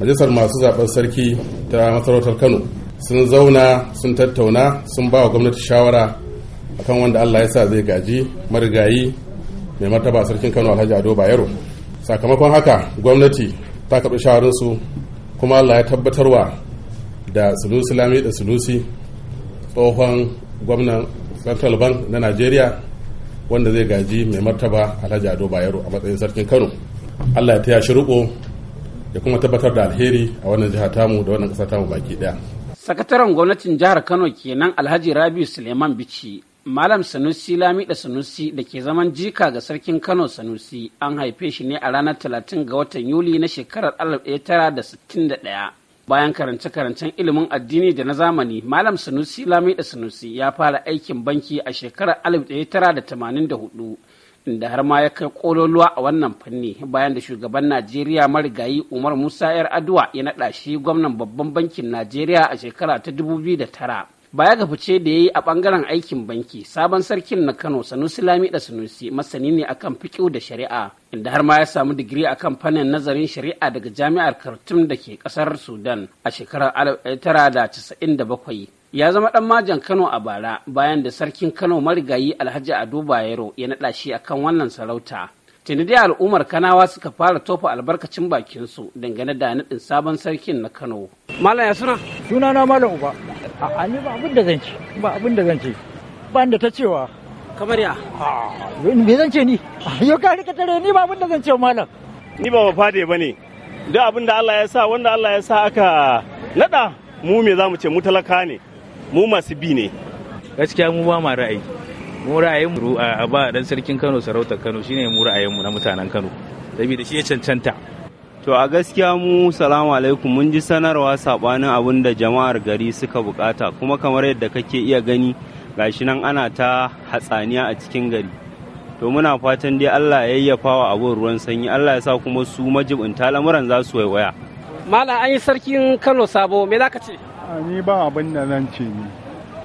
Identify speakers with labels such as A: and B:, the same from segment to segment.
A: majalisar masu zaben sarki ta masarautar kano sun zauna sun tattauna sun ba wa gwamnati shawara akan wanda allah ya sa zai gaji marigayi mai martaba sarkin kano alhaji ado bayero sakamakon haka gwamnati ta kaɓi shawararsu kuma allah ya tabbatarwa da sunusi lami da sunusi tsohon gwamnan central bank na nigeria wanda zai gaji mai martaba alhaji ado bayero a matsayin sarkin kano allah ya taya shi ya kuma tabbatar da alheri a wannan jiha tamu da wannan kasa tamu baki ɗaya.
B: sakataren gwamnatin jihar kano kenan alhaji rabiu suleiman bici malam sanusi lamida sanusi da ke zaman jika ga sarkin kano sanusi an haife shi ne a ranar talatin ga watan yuli na shekarar 1961 bayan karance-karancen ilimin addini da na zamani malam sanusi lamida sanusi ya fara aikin banki a shekarar 1984 inda har ma ya kai kololuwa a wannan fanni bayan da shugaban najeriya marigayi umar musa yar aduwa ya naɗa shi gwamnan babban bankin najeriya a shekara ta 2009 baya ga fice da ya yi a ɓangaren aikin banki sabon sarkin na kano sanusi lami da sanusi masani ne akan fikiu da shari'a inda har ma ya samu digiri a kan fannin nazarin shari'a daga jami'ar khartoum da ke ƙasar sudan a shekarar 1997 ya zama ɗan majan Kano a bara bayan da sarkin Kano marigayi Alhaji Ado Bayero ya naɗa shi akan wannan sarauta. Tuni dai al'ummar Kanawa suka fara tofa albarkacin bakinsu dangane da naɗin sabon sarkin na Kano. Malam ya suna? Suna na Malam Uba. A ni ba abin da zan ci, ba abin da zan ci. Ba da ta cewa. Kamar ya? Me zan ce ni? Yau ka rika tare ni ba abin da zan ce malam. Ni ba ba fade ba ne. Duk abin da Allah ya sa wanda Allah ya sa aka naɗa mu me za mu ce mu talaka ne. mu masu bi ne gaskiya mu ba ma ra'ayi mu ra'ayin mu a ba dan sarkin Kano sarautar Kano shine mu ra'ayin mu na mutanen Kano saboda shi ya cancanta to a gaskiya mu salamu alaikum mun ji sanarwa sabanin abin da jama'ar gari suka bukata kuma kamar yadda kake iya gani gashi nan ana ta hatsaniya a cikin gari to muna fatan dai Allah ya yayyafa wa abin ruwan sanyi Allah ya sa kuma su majibin talamuran za su waiwaya malam an yi sarkin Kano sabo me zaka ce
A: ni ba abin da zan ce ni.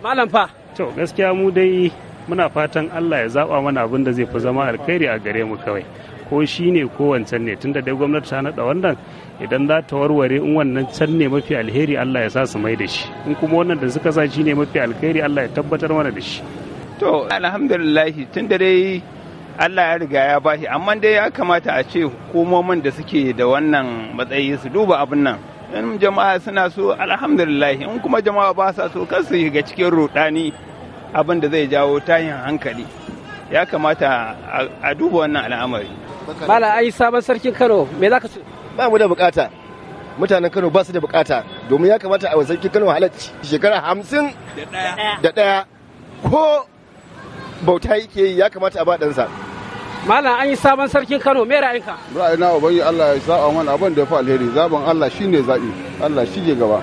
A: Malam fa. To gaskiya mu dai muna fatan Allah ya zaba mana abin da zai fi zama alkhairi a gare mu kawai. Ko shi ne ko wancan ne tunda dai gwamnati ta naɗa wannan idan za ta warware in wannan can ne mafi alheri Allah ya sa su mai da shi in kuma wannan da suka sa shi ne mafi alheri Allah ya tabbatar mana da shi.
B: To alhamdulillah tun da dai Allah ya riga ya bashi amma dai ya kamata a ce hukumomin da suke da wannan matsayi su duba abin nan. in jama'a suna so alhamdulillah in kuma jama'a ba sa so kar su shiga cikin rudani abin da zai jawo tayin hankali ya kamata a duba wannan al'amari mala ai sabon sarkin kano me za ka so ba mu da bukata mutanen kano ba su da bukata domin ya kamata a sarkin kano halacci shekara hamsin da ɗaya ko bauta yake yi ya kamata a ba ɗansa Malam an yi sabon sarkin Kano me ra'ayinka? Ra'ayina ubangi Allah ya sa'a mana abin da ya fi alheri zaben Allah shine zabi Allah shi ne gaba.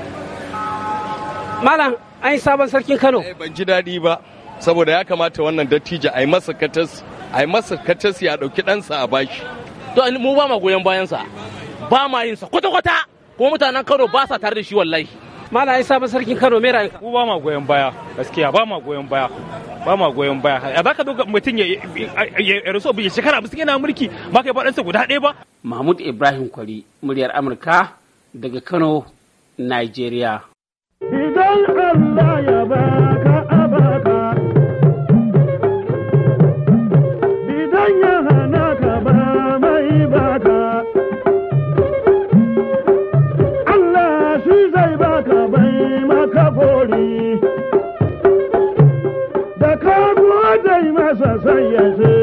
A: Malam an yi sabon sarkin Kano. Eh ban ji daɗi ba saboda ya kamata wannan dattijo a yi masa katas a yi masa katas ya ɗauki ɗansa a bashi. To mu ba ma goyon bayansa ba ma yin sa kwata-kwata
B: kuma mutanen Kano ba sa tare da shi wallahi. Malam an yi sabon sarkin Kano me ra'ayinka? Mu ba ma goyon baya gaskiya ba ma goyon baya. ba ma goyon baya a za ka zo mutum ya rasu abu ya shekara hamsin yana mulki ba ka yi faɗansa guda ɗaya ba. mahmud ibrahim kwari muryar amurka daga kano nigeria.
A: idan allah ya ba 啊，是也是。